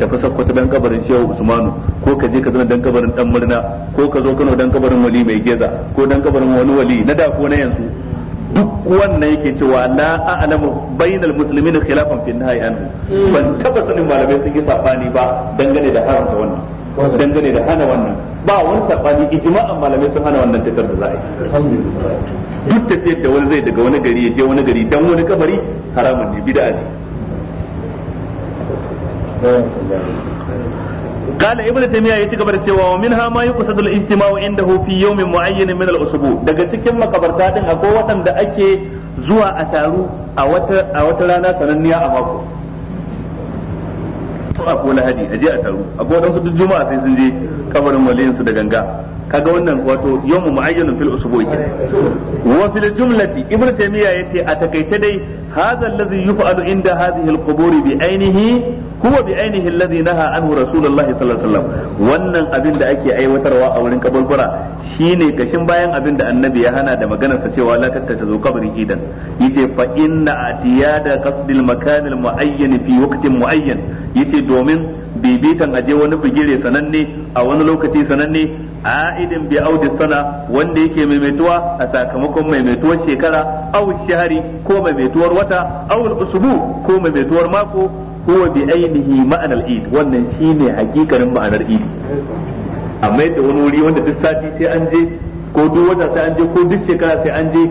tafi sakkwata dan kabarin shehu usmanu ko ka je ka zana dan kabarin dan murna ko ka zo kano dan kabarin wali mai geza ko dan kabarin wani wali na da ko na yanzu duk wannan yake cewa la a'lamu bainal muslimin khilafan fi nahyi anhu ban taba sanin malamai sun yi sabani ba dangane da haramta wannan dangane da hana wannan ba wani sabani ijma'an malamai sun hana wannan tafiyar da a yi duk tafiyar da wani zai daga wani gari ya je wani gari dan wani kabari haramun ne bid'a ne قال ابن ya yace gaba da cewa wa minha ma yuqsadu al-ijtima'u indahu fi yawmin mu'ayyanin min al-usbu daga cikin makabarta din akwai waɗanda ake zuwa a taru a wata rana sananniya a mako to a kola hadi a taru je kabarin waliyin da ganga kaga wannan wato yawmu mu'ayyanin fil jumlati ibn taymiya ce a takaice dai hadha inda hadhihi al-quburi ainihi huwa bi ainihi alladhi naha anhu rasulullahi sallallahu alaihi wannan abin da ake aiwatarwa a wurin kaburbura shine kashin bayan abin da annabi ya hana da maganar sa cewa la tattata zo kabri idan yace fa inna da qasdil makan al muayyan fi waqtin muayyan yace domin bibitan aje wani bigire sananne a wani lokaci sananne a'idin bi audi sana wanda yake maimaituwa a sakamakon maimaituwar shekara aw shahari ko maimaituwar wata aw usbu ko maimaituwar mako huwa bi ainihi ma'anar id wannan shine hakikanin ma'anar id amma yadda wani wuri wanda duk sati sai an je ko duk wata sai an je ko duk shekara sai an je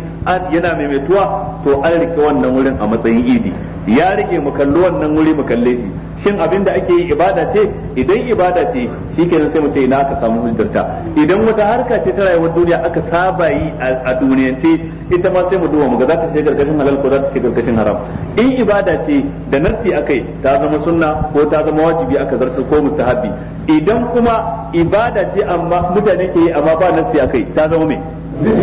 yana maimaituwa to an rike wannan wurin a matsayin idi ya rike mu kalli wannan wuri mu kalle shi shin abin da ake yi ibada ce idan ibada ce shikenan sai mu ce ina aka samu hujjarta idan wata harka ce ta rayuwar duniya aka saba yi a duniyance ita ma sai mu duba mu ga za ta shiga gargashin halal ko za ta shiga gargashin haram in ibada ce da nassi akai ta zama sunna ko ta zama wajibi aka zarsu ko mustahabi idan kuma ibada ce amma mutane ke yi amma ba nassi akai ta zama me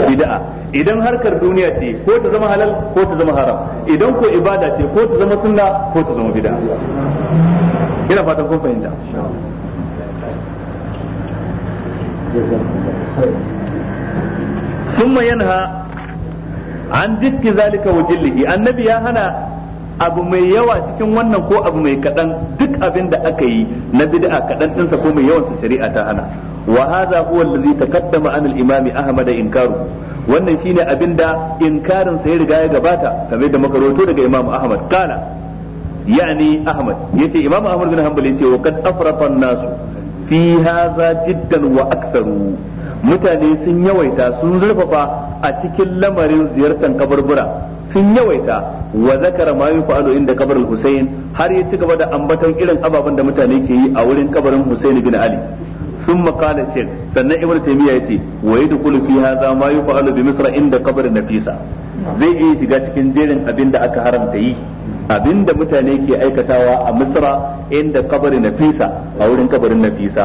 bid'a idan harkar duniya ce ko ta zama halal ko ta zama haram idan ko ibada ce ko ta zama sunna ko ta zama bid'a ina fatan kun fahimta ثم ينهى عن دفك ذلك وجله النبي هنا abu mai yawa cikin wannan ko abu mai kaɗan duk abin da aka yi na bid'a kaɗan ɗinsa ko mai yawansa shari'a ta hana wa hadha huwa allazi taqaddama an al-imam ahmad inkaru wannan shine abinda inkarin sa ya riga ya gabata kamar da muka rawaito daga Imam Ahmad kana yani Ahmad yace Imam Ahmad bin Hanbal yace wa kad afrata an-nas fi hadha jiddan wa aktharu mutane sun yawaita sun zurfafa a cikin lamarin ziyartar kaburbura sun yawaita wa zakara ma yufa'alu inda kabarin husayn har ya ci gaba da ambaton irin ababen da mutane ke yi a wurin kabarin Husayn bin Ali sun makala shek sannan ibn taymiya yace wa yadkhulu fi hadha ma yuf'alu bi misra inda qabr nafisa zai iya shiga cikin jerin abinda aka haramta yi abinda mutane ke aikatawa a misra inda qabr nafisa a wurin kabarin nafisa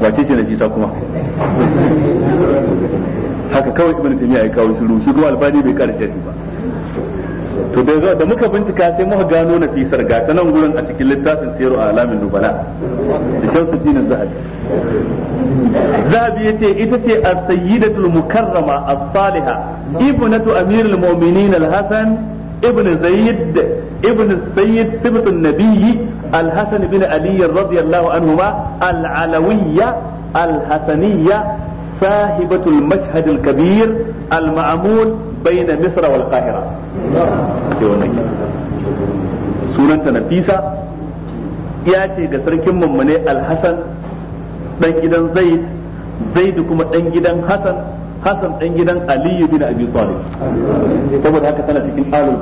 wace ce nafisa kuma haka kawai ibn taymiya ya kawo shiru shi kuma albani bai karanta shi ba to da da muka bincika sai muka gano nafisar ga ta nan gurin a cikin littafin sayar a alamin nubala da shamsu dinin zahabi zahabi yace ita ce as-sayyidatul mukarrama a saliha ibnatu amirul mu'minin al-hasan ibn zayd ibn sayyid sibt an-nabiy al-hasan bin ali radiyallahu anhuma al-alawiyya al-hasaniyya sahibatul mashhad al-kabir al-ma'mul baina misra wal sunanta nafisa ya ce da sarkin mummune alhasan ɗangidan gidan zaid zaid kuma ɗangidan gidan hasan ɗangidan aliyu bin abi talib saboda haka tana cikin alul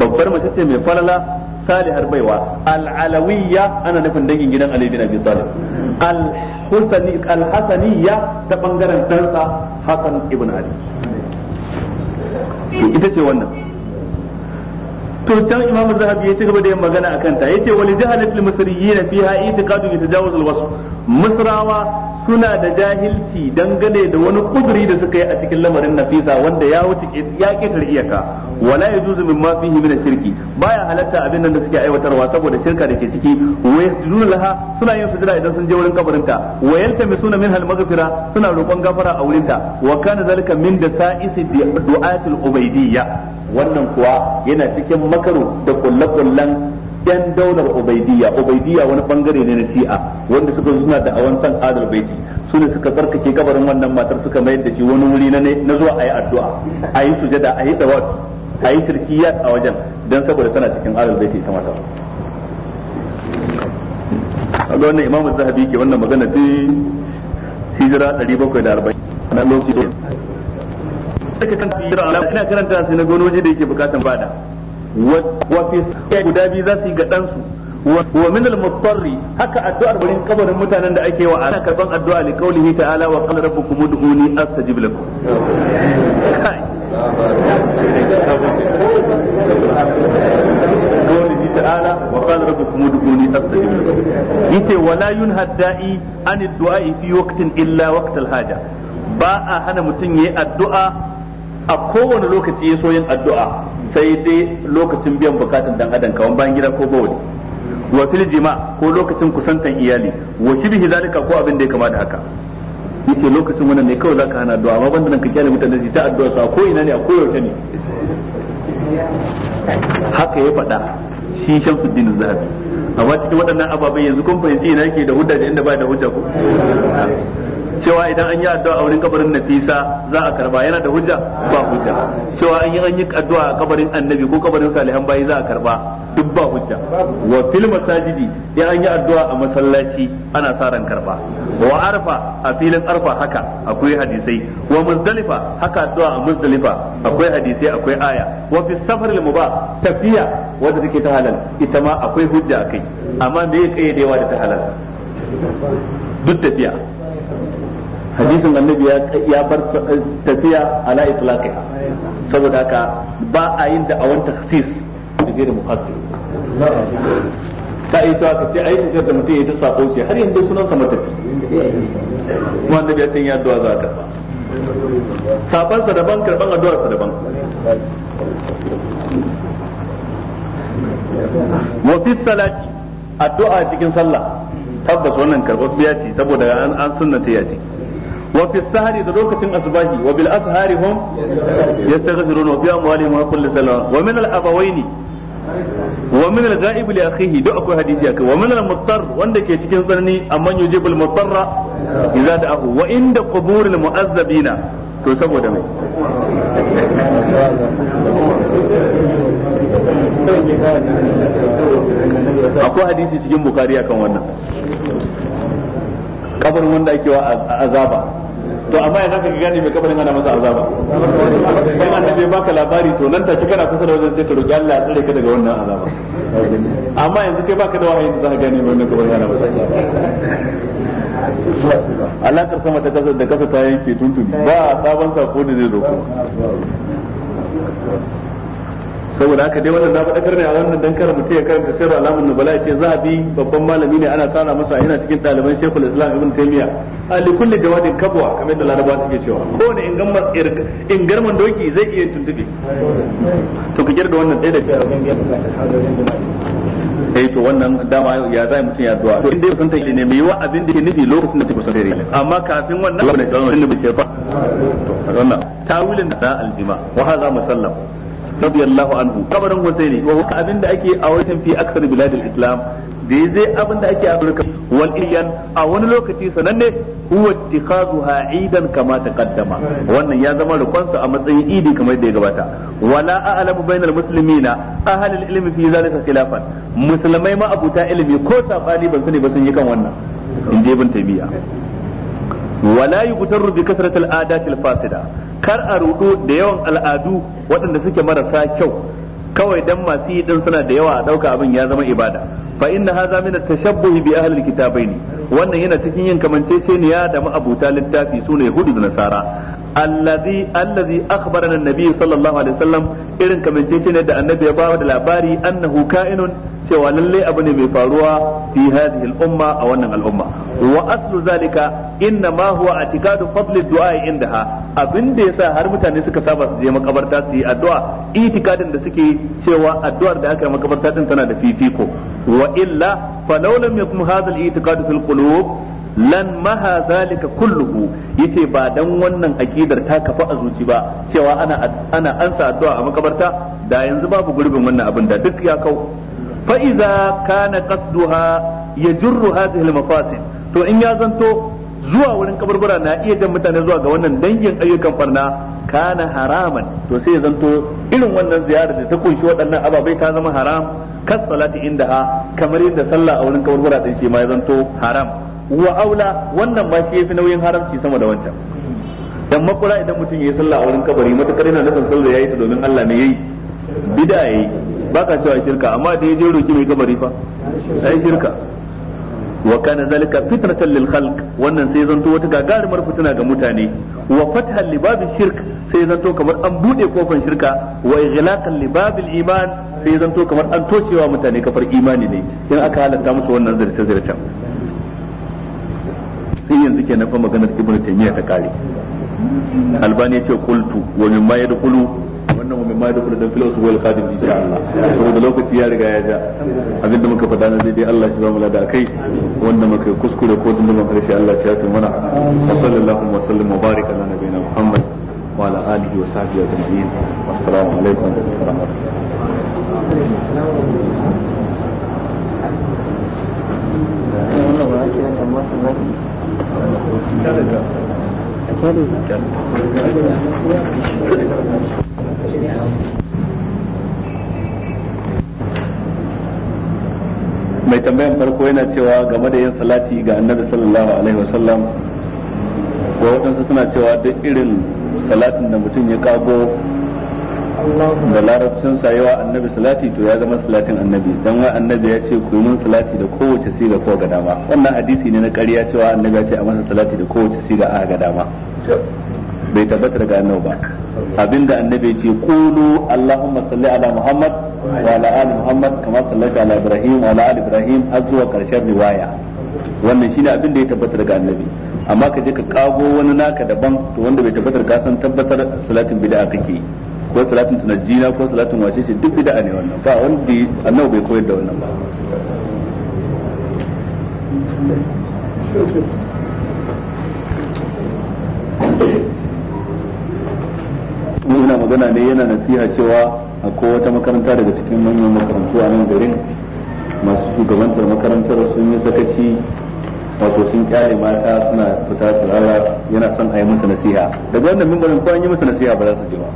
babbar mace ce mai falala salihar baiwa al-alawiyya ana nufin dangin gidan Ali bin Abi Talib al-husani al-hasaniyya ta bangaren dansa Hassan ibn Ali ita ce wannan to can imam zahabi ya ci gaba da yin magana akan ta yace wal jahalatul misriyin fiha itiqadu yatajawaz al-wasf misrawa suna da jahilci dangane da wani kuduri da suka yi a cikin lamarin nafisa wanda ya wuce ya ƙetare iyaka wala yajuzu mimma fihi min shirki baya halatta abin nan da suke aiwatarwa saboda shirka da ke ciki wa yasjudu suna yin sujada idan sun je wurin kabarinta wa yaltamisuna minha al-maghfira suna roƙon gafara a wurinta wa kana zalika min da sa'isi du'atul ubaidiyya wannan kuwa yana cikin makaro da kullakullan yan daular ubaidiyya ubaidiyya wani bangare ne na shi'a wanda suka suna da awan san adal su ne suka tsarkake kabarin wannan matar suka mayar da shi wani wuri na zuwa ayi addu'a ayi yi sujada a yi dawatu a yi shirkiyat a wajen don saboda tana cikin alal baiti ita mata Allah wannan imamu zahabi ke wannan magana ce hijira 740 na lokaci suka kan hijira ala ina karanta sai na waje da yake bukatan bada wa fi guda biyu za su yi ga ɗansu wa min al-muttarri haka addu'ar barin kabarin mutanen da ake wa ana karban addu'a li qawlihi ta'ala wa qala rabbukum ud'uni astajib lakum kuma dukuni astajib lakum yace wala yunhad da'i an ad-du'a fi waqtin illa waqtal haja ba a hana mutum yayi addu'a a kowane lokaci ya so yin addu'a sai dai lokacin biyan bukatun dan adam kawan bayan gida ko bawali wa fil jima ko lokacin kusantan iyali wa shibhi zalika ko abin da ya kama da haka yace lokacin wannan ne kawai zaka hana addu'a amma banda nan ka kyale mutane su ta addu'a sa ko ina ne a koyaushe ne haka ya faɗa shi Shamsuddin Zahabi amma cikin waɗannan ababai yanzu kun fahimci ina yake da hujja da inda ba da hujja ko cewa idan an yi addu'a a wurin kabarin Nafisa za a karba yana da hujja ba hujja cewa an yi an yi addu'a a kabarin Annabi ko kabarin salihan bayi za a karba duk ba hujja wa fil masajidi idan an yi addu'a a masallaci ana sa ran karba wa arfa a filin arfa haka akwai hadisai wa muzdalifa haka addu'a a muzdalifa akwai hadisai akwai aya wa fi safaril mubah tafiya wanda take ta halal ita ma akwai hujja akai amma me yake yawa da ta halal duk tafiya hadisin annabi ya bar tafiya ala itlaqi saboda haka ba a yin da awan takhsis da gairu muqaddim ta yi ta ka ce ai ka da mutum ya ta sako shi har yanzu sunan sa matafi kuma annabi ya san addu'a za ka saban sa daban karban addu'ar sa daban wa fi salati addu'a cikin sallah tabbas wannan karbabbiya ce saboda an sunnata ya ce wa fi sahari da lokacin asbahi wa bil ashari hum yastaghfirun wa fi amwalihim haqqul lisalam wa min al abawaini wa min al ghaib li akhihi da akwai hadisi akai wa min al muttar wanda ke cikin tsanani amman yujibul muttarra idza wa to akwai hadisi cikin bukari wannan wanda azaba to amma yanzu ka gane mai kabarin ana masa azaba dan annabi baka labari to nan take kana kusa da wajen sai ka roki Allah ya tsare ka daga wannan azaba amma yanzu kai baka da wahayi da zaka gane mai wannan kabarin ana masa azaba Allah kar sama ta kasa da kasa ta yanke tuntuni ba sabon sako da zai zo kuma saboda haka dai wannan na faɗakar ne a wannan dan kar mutum ya karanta sirru alamun nubala ce zahabi babban malami ne ana tsara masa yana cikin ɗaliban shekul islam ibn taymiya a likulli jawadin kabuwa kamar da laraba suke cewa kowane ingarman doki zai iya tuntube to ka girda wannan ɗaya da shi a wajen eh to wannan dama ya zai mutum ya addu'a to inda ya santa ne mai yiwa abin da ke nufi lokacin da take santa ne amma kafin wannan ne sai ne bace fa to wannan da aljima wa haza musallam radiyallahu anhu kabarin husaini wa haka abinda ake a wajen fi aksar biladil islam da ya zai abinda wani lokaci sananne huwa ittikhazuha idan kama taqaddama wannan a matsayin idi kamar da ya gabata wala a'lamu bainal muslimina ahlul ilmi fi zalika khilafan musulmai ma abuta ilimi ko sabani ban sani ba sun wala fasida kar a rudu da yawan al'adu waɗanda suke marasa kyau kawai dan masu yi dan suna da yawa a ɗauka abin ya zama ibada fa inna haza min at-tashabbuhi bi ahli al-kitabaini wannan yana cikin yin kamanceceniya da ma'abuta littafi sune hudu da nasara allazi allazi akhbarana an-nabi sallallahu alaihi wasallam irin kamancece da annabi ya bawa da labari annahu ka'inun cewa lalle abu ne mai faruwa fi hadhihi al'umma umma a wannan al'umma wa aslu zalika inna ma huwa atikadu fadli du'a indaha abinda yasa har mutane suka saba su je makabarta su yi addu'a itikadin da suke cewa addu'ar da aka yi makabarta din tana da fifiko wa illa fa law lam yakun hadha al-itikadu fil qulub lan maha zalika kulluhu yace ba dan wannan aƙidar ta kafa a zuci ba cewa ana ana ansa addu'a a makabarta da yanzu babu gurbin wannan abin da duk ya kau fa iza kana qasduha yajurru hadhihi al-mafasid to in ya zanto zuwa wurin kaburbura na iya jan mutane zuwa ga wannan dangin ayyukan farna kana haraman to sai ya zanto irin wannan ziyarar da ta kunshi waɗannan ababai ta zama haram kas salati inda kamar yadda sallah a wurin kaburbura din shi ma ya zanto haram wa aula wannan ba shi yafi nauyin haramci sama da wancan dan makura idan mutum yayi sallah a wurin kabari matakar yana nufin sallah yayi ta domin Allah ne yayi bid'a yayi baka cewa shirka amma da yaje roki mai kabari fa ai shirka wa kana zalika fitnatan lil khalq wannan sai zanto wata gagarumar fitina ga mutane wa fathan li babil shirk sai zanto kamar an bude kofan shirka wa ighlaqan li babil iman sai zanto kamar an toshewa mutane kafar imani ne in aka halatta musu wannan zarce zarcen yanzu kenan fa maganar ibnu taymiya ta kare albani yace qultu wa mimma yadkhulu wannan wa mimma yadkhulu dan filosu wal qadim insha Allah saboda lokaci ya riga ya ja abinda muka faɗa na dai Allah shi ba mu lada kai wanda muka kuskure ko tun da mun karshe Allah shi ya fi mana wa sallallahu wa sallam wa barik ala nabiyina Muhammad wa ala alihi wa sahbihi ajma'in assalamu alaikum wa rahmatullahi wa barakatuh mai tambayan farko yana cewa game da yin salati ga annabi sallallahu alaihi wasallam ko waɗansu suna cewa duk irin salatin da mutum ya kago da larabcin sayewa annabi salati to ya zama salatin annabi dan wa annabi ya ce ku yi mun salati da kowace siga ko ga dama wannan hadisi ne na ƙarya cewa annabi ya ce a masa salati da kowace siga a ga dama bai tabbata daga annabi ba abinda annabi ya ce qulu allahumma salli ala muhammad wa ala ali muhammad kama sallaita ala ibrahim wa ala ali ibrahim har zuwa karshen riwaya wannan shine abinda ya tabbata daga annabi amma ka je ka kago wani naka daban to wanda bai tabbatar ka san tabbatar salatin bid'a kake yi ko salatin tunajjina ko salatin washe shi duk bid'a ne wannan ba wanda annabi bai koyar da wannan ba ina magana ne yana nasiha cewa akwai wata makaranta daga cikin manyan makarantu a nan garin masu shugabantar makarantar sun yi sakaci wato sun kyale mata suna fita tsirara yana son a yi masa nasiha daga wannan mimbarin ko an yi masa nasiha ba za su je ba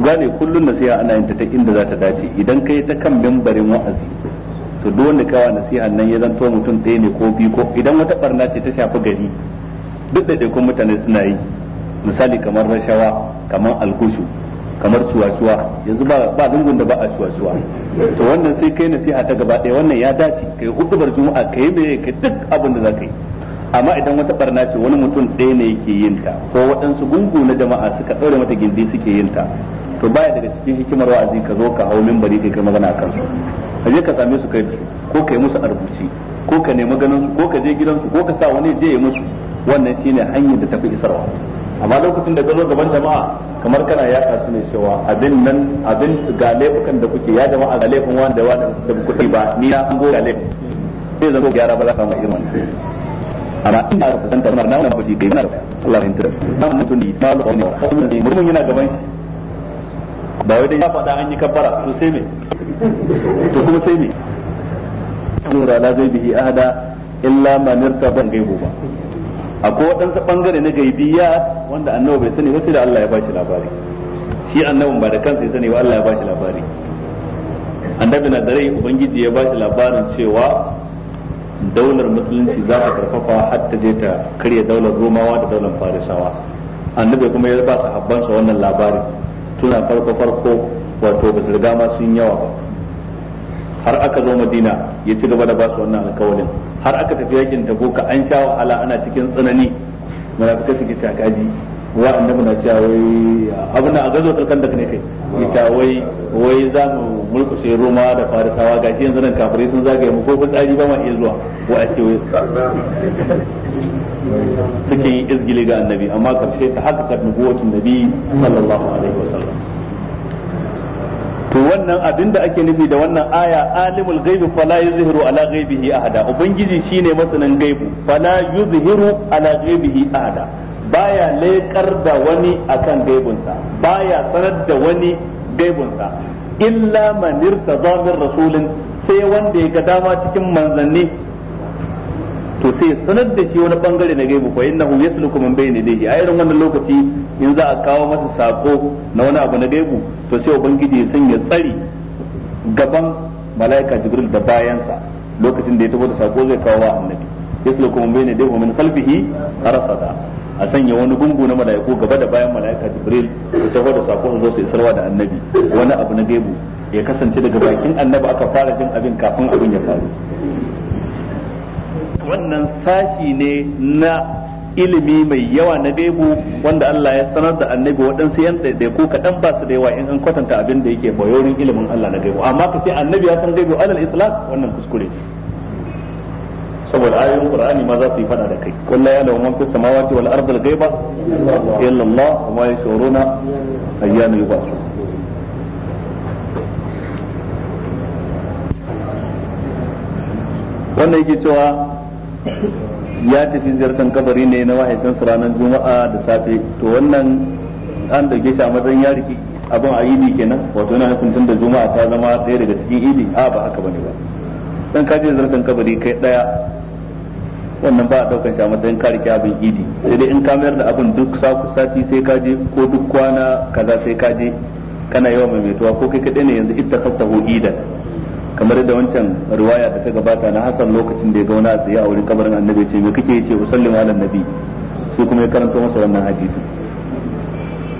gane kullun nasiha ana yin ta ta inda za ta dace idan kai ta kan mimbarin wa'azi to duk wanda kawa nasiha nan ya zanto mutum ɗaya ne ko biyu ko idan wata barna ce ta shafi gari duk da kun mutane suna yi misali kamar rashawa kamar alkushu kamar cuwa yanzu ba lungun da ba a cuwa to wannan sai kai nasiha ta gaba ɗaya wannan ya dace kai hudubar juma'a kai me kai duk abin da za ka yi amma idan wata barna ce wani mutum ɗaya ne yake yin ta ko waɗansu gungu na jama'a suka ɗaure mata gindi suke yin ta to baya daga cikin hikimar wa'azi ka zo ka hau mimbari kai kai magana akan su ka je ka same su kai su ko kai musu arbuci ko ka nemi ganin su ko ka je gidansu ko ka sa wani je ya musu wannan shine hanyar da tafi isarwa amma lokacin da gano gaban jama'a kamar kana ya kasu ne cewa abin nan abin ga laifukan da kuke ya jama'a ga laifin wani da wani da ku sai ba ni na an goya laifin sai zan gyara ba za ka mai irin wannan amma ina da kusanta na wani abu da budi kai na Allah ya yi da na mutum ne na lokacin ne mutum yana gaban shi ba wai dai ya faɗa an yi kabbara to sai me to kuma sai me nura la zai bihi ahada illa man ban gaibu ba akwai waɗansu ɓangare na gaibiya wanda annabi bai sani ba sai da Allah ya bashi labari shi annabin ba da kansa ya sani ba Allah ya bashi labari annabi na dare ubangiji ya bashi labarin cewa daular musulunci za ta karfafa har ta je ta karya daular romawa da daular farisawa annabi kuma ya ba sa wannan labarin suna farko farko wato ba su riga ma sun yawa ba har aka zo madina ya ci gaba da ba su wannan alkawalin har aka tafi yakin boka an sha wahala ana cikin tsanani munafikai suke ci akaji wa annabi na cewa wai abuna a gazo kalkan da ne kai ita wai wai za mu sai roma da farisawa gashi yanzu nan kafirai sun zagaye mu ko fitsari ba ma iya zuwa wa ce wai suke yi izgili ga annabi amma karshe ta haka haƙaƙa nubuwatin nabi sallallahu alaihi wa sallam. to wannan abin da ake nufi da wannan aya alimul ghaibi fala yuzhiru ala ghaibihi ahada ubangiji shine masanin ghaibu fala yuzhiru ala ghaibihi ahada baya lekar da wani akan gaibunsa baya sanar da wani gaibunsa illa man irtaza min rasulin sai wanda ya ga dama cikin manzanni to sai sanar da shi wani bangare na gaibu fa innahu yasluku min bayni yadayhi a irin wannan lokaci in za a kawo masa sako na wani abu na gaibu to sai ubangiji ya sanya tsari gaban malaika jibril da bayansa lokacin da ya taho da sako zai kawo wa annabi yasluku min bayni yadayhi wa min khalfihi arsada a sanya wani gungu na mala'iku gaba da bayan mala'ika jibril ya taho da sako su zo su isarwa da annabi wani abu na gaibu ya kasance daga bakin annabi aka fara jin abin kafin abin ya faru wannan sashi ne na ilimi mai yawa na gaibu wanda Allah ya sanar da annabi waɗansu yan ko kaɗan ba su da yawa in an kwatanta abin da yake bayorin ilimin Allah na gaibu amma ka ce annabi ya san gaibu alal islam wannan kuskure saboda ayoyin qur'ani ma za su yi fada da kai kullu ya lawu man fi samawati wal ardi al ghaiba illa Allah wa yashuruna ayyana wannan yake cewa ya tafi ziyartar kabari ne na mahaifinsa ranar juma'a da safe to wannan an dauke shi a matsayin ya riki abin a idi kenan wato yana nufin tun da juma'a ta zama ɗaya daga cikin idi a ba haka bane ba dan ka je ziyartar kabari kai daya wannan ba a daukar shi a matsayin ka riki abin idi sai dai in ka mayar da abin duk sati sai ka je ko duk kwana kaza sai ka je kana yawan maimaituwa ko kai kaɗai ne yanzu ita ittafaqtahu idan kamar yadda wancan riwaya da ta gabata na hasan lokacin da ya gauna a tsaye a wurin kabarin annabi ce mai kake yace usallimu ala nabi su kuma ya karanto masa wannan hadisi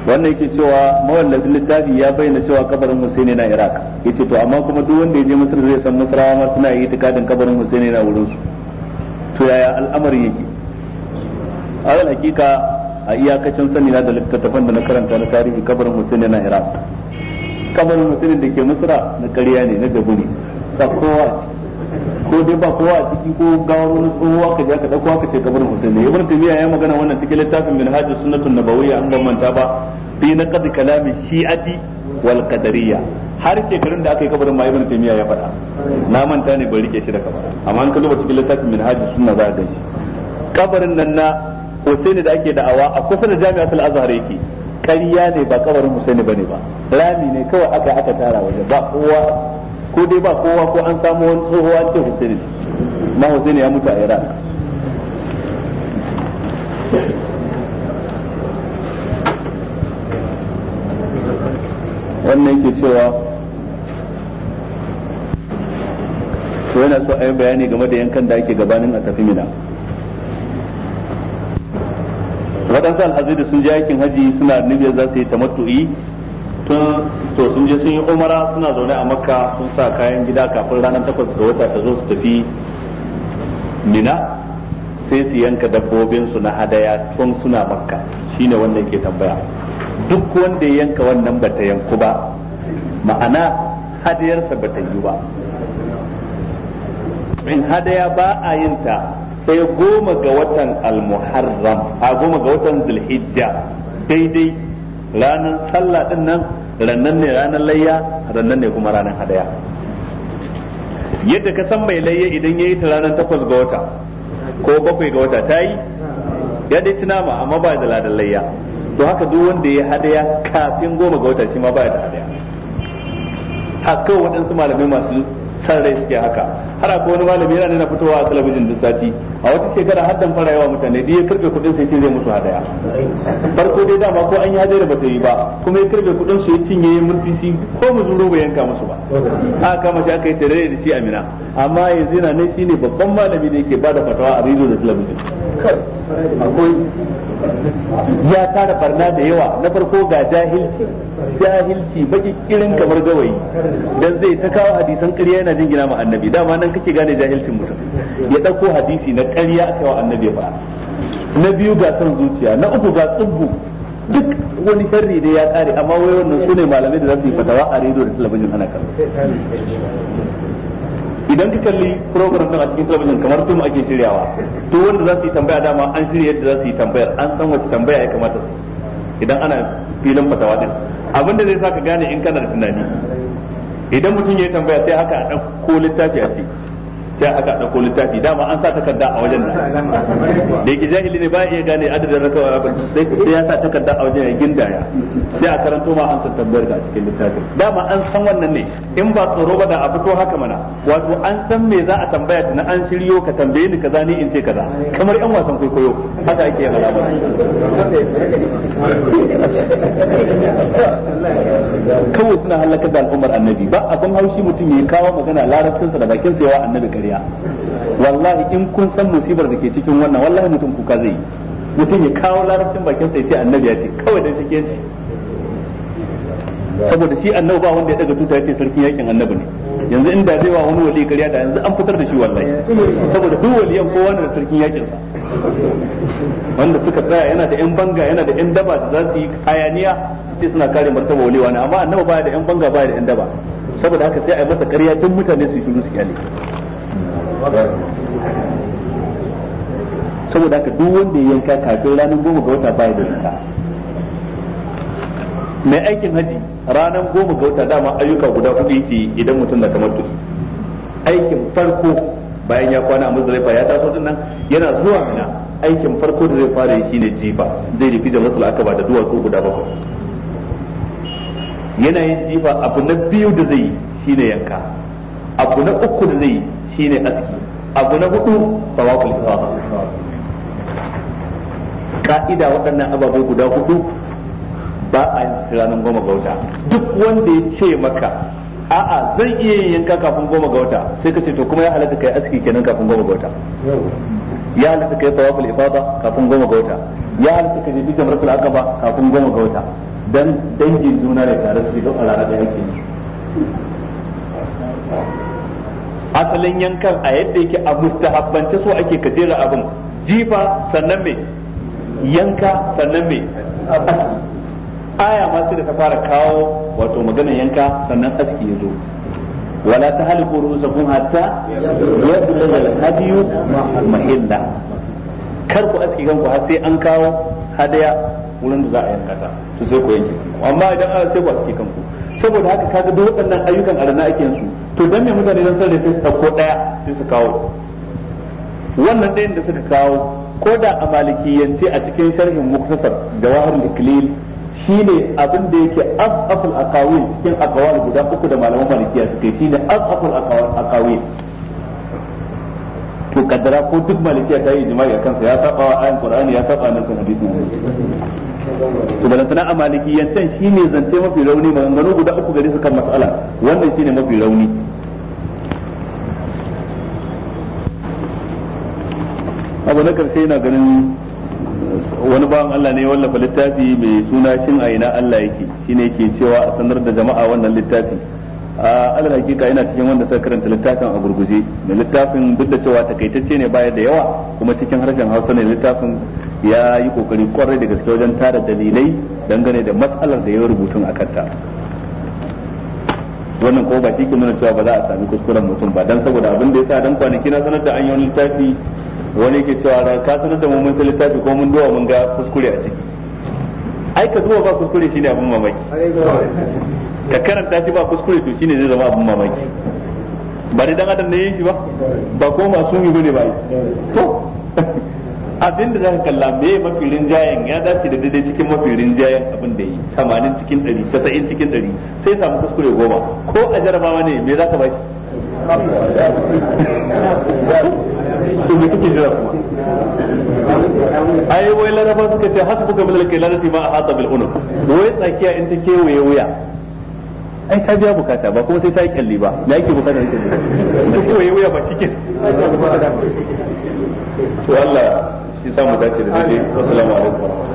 wannan yake cewa mawallafi littafi ya bayyana cewa kabarin Husaini na Iraq yace to amma kuma duk wanda ya je masar zai san Misrawa ma suna yi tikadin kabarin Husaini na wurin su to yaya al'amarin yake alal hakika a iyakacin sani na da littattafan da na karanta na tarihi kabarin Husaini na Iraq kamar mutumin da ke misra na ƙarya ne na gabu ne ba kowa ko dai ba kowa a ciki ko gawar wani tsohuwa ka je ka dauko ka ce kabarin mutum ne ibn tumiya ya magana wannan cikin littafin minhajus sunnatun nabawiyya an ban manta ba fi naqd kalami shi'ati wal qadariyya har shekarun da aka yi kabarin ma ibn tumiya ya faɗa na manta ne ban rike shi da kaba amma an kalluba cikin littafin hajji sunna za ka shi kabarin nan na Husaini da ake da'awa a kusa da Jami'atul Azhar yake ƙarya ne ba kabarin ba bane ba rami ne kawai aka aka tara waje ba kowa ko dai ba kowa ko an samu wani tsoho an ce Hussein ma Hussein ya mutu a Iran wannan ke cewa to yana so a yi bayani game da yankan da ake gabanin a tafi mina waɗansu alhazai da sun ji aikin haji suna nubiyar za su yi tamattu'i tun to sun je sun yi umara suna zaune a makka sun sa kayan gida kafin ranar takwas ga wata ta zo su tafi mina sai su yanka dabbobinsu na hadaya tun suna makka shine wannan ke tambaya duk wanda ya yanka wannan bata yanku ba ma'ana hadayarsa bata yi ba in hadaya ba a yinta sai goma ga watan almuharram a goma ga watan zulhijja daidai ranar sallah din nan rannan ne ranar layya rannan ne kuma ranar hadaya yadda ka san mai layya idan yayi ta ranar takwas ga wata ko bakwai ga wata ta yi ya dai tuna nama amma ba da ladan layya to haka duk wanda ya hadaya kafin goma ga wata shi ma ba da hadaya haka waɗansu malamai masu san rai suke haka har akwai wani malami yana nuna fitowa a talabijin duk sati a wata shekara haddan fara yawa mutane duk ya karbe kudin sai zai musu hadaya farko dai dama ko an yi hadaya ba ta yi ba kuma ya karbe kudin su ya cinye ya murtisi ko muzuru bai yanka musu ba a kama shi aka yi tare da shi amina amma yanzu yana ne shine babban malami da yake bada fatawa a rido da talabijin akwai ya tara barna da yawa na farko ga jahilci jahilci baki kirin kamar gawayi dan zai ta kawo hadisan ƙarya yana jin gina ma annabi dama nan kake gane jahilcin mutum ya ɗauko hadisi na ƙarya aka wa annabi ba na biyu ga son zuciya na uku ga tsubbu duk wani sharri da ya kare amma wai wannan sune malamai da za su yi fatawa a rediyo da talabijin ana kallo idan ka kalli program din a cikin talabijin kamar tum ake shiryawa to wanda za su yi tambaya dama an shirya yadda za su yi tambayar an san wace tambaya ya kamata su idan ana filin fatawa din abin da zai sa ka gane in kana da tunani idan mutum ya yi tambaya sai haka a ko littafi a ciki sai aka dauko littafi dama an sa takarda a wajen nan da yake jahili ne ba iya gane adadin rakawa ba sai ya sa takarda a wajen ya gindaya sai a karanto ma an san tambayar da cikin littafi dama an san wannan ne in ba tsoro ba da a fito haka mana wato an san me za a tambaya na an shiryo ka tambaye ni kaza ni in ce kaza kamar yan wasan kwaikwayo haka ake yin alama kawai suna halakar da al'ummar annabi ba abin haushi mutum ya kawo magana larabcinsa da bakin sa yawa annabi kariya dariya wallahi in kun san musibar da ke cikin wannan wallahi mutum kuka zai mutum ya kawo larabcin bakin sai ce annabi ya ce kawai dan shike ce saboda shi annabi ba wanda ya daga tuta ya ce sarkin yakin annabi ne yanzu in da zai wa wani wali kariya da yanzu an fitar da shi wallahi saboda duk waliyan kowa da sarkin yakin sa wanda suka tsaya yana da yan banga yana da yan daba da za su yi hayaniya sai suna kare martaba walewa ne amma annabi baya da yan banga baya da yan daba saboda haka sai a yi masa ƙarya tun mutane su shiru su kyale saboda haka duk wanda ya yanka kafin ranar goma ga wata baya da yanka mai aikin haji ranar goma ga wata dama ayyuka guda hudu yake idan mutum na kamar tudu aikin farko bayan ya kwana a muzdalifa ya taso din nan yana zuwa mina aikin farko da zai fara yi shine jifa zai rufi da masul akaba da duwatsu guda bakwai yana yin jifa abu na biyu da zai yi shine yanka abu na uku da zai yi shine aski abu na hudu tawaful ifada ka'ida waɗannan ababe guda hudu ba a yin ranar goma ga wata duk wanda ya ce maka a'a zan iya yin yanka kafin goma ga wata sai ka ce to kuma ya halatta kai aski kenan kafin goma ga wata ya halatta kai tawaful ifada kafin goma ga wata ya halatta kai bi aka ba kafin goma ga wata dan dangin juna da tare su don a ranar da yake asalin yankan a yadda yake a mustahabbance so ake kajera abin jifa sannan me yanka sannan me aya ma sai da ta fara kawo wato maganar yanka sannan aski ya zo wala ta haliku rusakum hatta ya bulaga al-hadiyu mahilla kar ku aski kanku har sai an kawo hadaya wurin da za a yanka ta to sai ku yanke amma idan sai ku aski kanku saboda haka kaga duk waɗannan ayyukan arna ake yin su to dan me mutane dan sarrafa su dauko daya sai su kawo wannan ɗayan da suka kawo ko da a malikiyance a cikin sharhin muktasar jawahar iklil shine abin da yake afaful aqawil cikin aqwal guda uku da malaman malikiya suka yi shine afaful aqawil to kaddara ko duk malikiya ta yi jima'i kansa ya saba wa ayan qur'ani ya saba nan hadisi to balantana a malikiyancan shi ne zance mafi rauni maganganu guda uku gari su kan matsala wannan shi ne mafi rauni abu na karshe yana ganin wani bawan Allah ne wallafa littafi mai suna shin a ina Allah yake ne ke cewa a sanar da jama'a wannan littafi a alal hakika yana cikin wanda suka karanta littafin a gurguje da littafin duk da cewa takaitacce ne baya da yawa kuma cikin harshen Hausa ne littafin ya yi kokari kwarai da gaske wajen tara dalilai dangane da matsalar da ya rubutun a kanta wannan ko ba shi ke nuna cewa ba za a sami kuskuren mutum ba dan saboda abin da ya sa dan kwanaki na sanar da an yi wani littafi wani yake cewa ran ka sanar da mu mun littafi ko mun duwa mun ga kuskure a ciki ai ka zuwa ba kuskure shine abin mamaki ka karanta shi ba kuskure to shine zai zama abin mamaki ba dan adam ne yin shi ba ba ko masu yi bane ba to abin da zaka kalla me mafi rinjayen ya dace da daidai cikin mafi rinjayen abin da yi 80 cikin 100 90 cikin 100 sai samu kuskure goma ko a jarabawa ne me zaka bashi to me kike jira kuma ai wai laraba suka ce hasbuka min al-kilalati ma ahata bil unuk wai tsakiya in ta kewaye wuya ai ta biya bukata ba kuma sai ta yi kyalli ba na yake bukata ne ta kewaye wuya ba cikin to Allah shi samu dace da dai assalamu alaikum